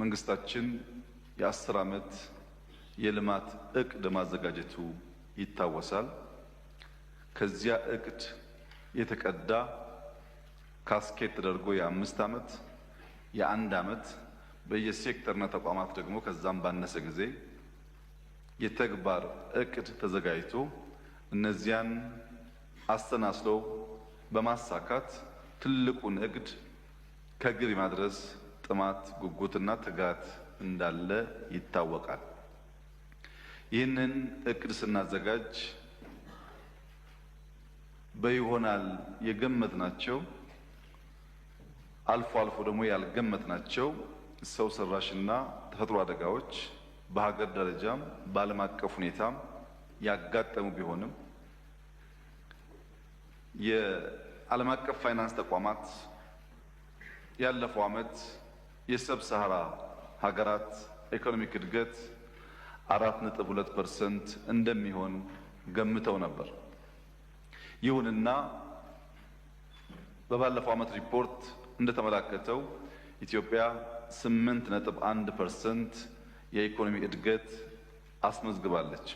መንግስታችን የአስር ዓመት የልማት እቅድ ማዘጋጀቱ ይታወሳል። ከዚያ እቅድ የተቀዳ ካስኬት ተደርጎ የአምስት ዓመት የአንድ ዓመት በየሴክተርና ተቋማት ደግሞ ከዛም ባነሰ ጊዜ የተግባር እቅድ ተዘጋጅቶ እነዚያን አስተናስሎ በማሳካት ትልቁን እቅድ ከግብ ማድረስ ጥማት፣ ጉጉትና ትጋት እንዳለ ይታወቃል። ይህንን እቅድ ስናዘጋጅ በይሆናል ናቸው አልፎ አልፎ ደግሞ ያልገመት ናቸው ሰው ሰራሽና ተፈጥሮ አደጋዎች በሀገር ደረጃም በዓለም አቀፍ ሁኔታም ያጋጠሙ ቢሆንም የዓለም አቀፍ ፋይናንስ ተቋማት ያለፈው ዓመት የሰብ ሰሃራ ሀገራት ኢኮኖሚክ እድገት አራት ነጥብ ሁለት ፐርሰንት እንደሚሆን ገምተው ነበር። ይሁንና በባለፈው ዓመት ሪፖርት እንደተመላከተው ኢትዮጵያ ስምንት ነጥብ አንድ ፐርሰንት የኢኮኖሚ እድገት አስመዝግባለች።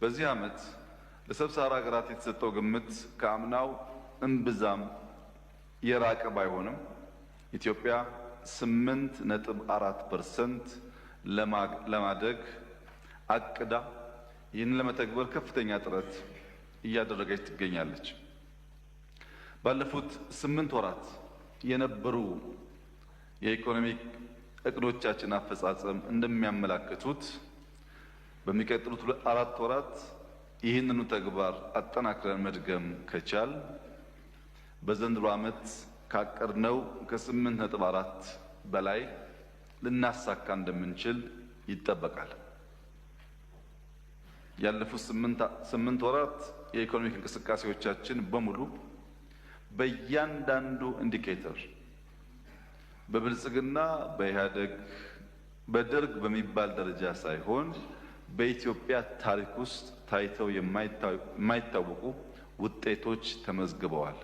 በዚህ ዓመት ለሰብ ሰሃራ ሀገራት የተሰጠው ግምት ከአምናው እምብዛም የራቀ ባይሆንም ኢትዮጵያ ስምንት ነጥብ አራት ፐርሰንት ለማደግ አቅዳ ይህንን ለመተግበር ከፍተኛ ጥረት እያደረገች ትገኛለች። ባለፉት ስምንት ወራት የነበሩ የኢኮኖሚ እቅዶቻችን አፈጻጸም እንደሚያመላክቱት በሚቀጥሉት አራት ወራት ይህንኑ ተግባር አጠናክረን መድገም ከቻል በዘንድሮ ዓመት ካቀድነው ከስምንት ነጥብ አራት በላይ ልናሳካ እንደምንችል ይጠበቃል። ያለፉት ስምንት ወራት የኢኮኖሚክ እንቅስቃሴዎቻችን በሙሉ በእያንዳንዱ ኢንዲኬተር በብልጽግና በኢህአደግ በደርግ በሚባል ደረጃ ሳይሆን በኢትዮጵያ ታሪክ ውስጥ ታይተው የማይታወቁ ውጤቶች ተመዝግበዋል።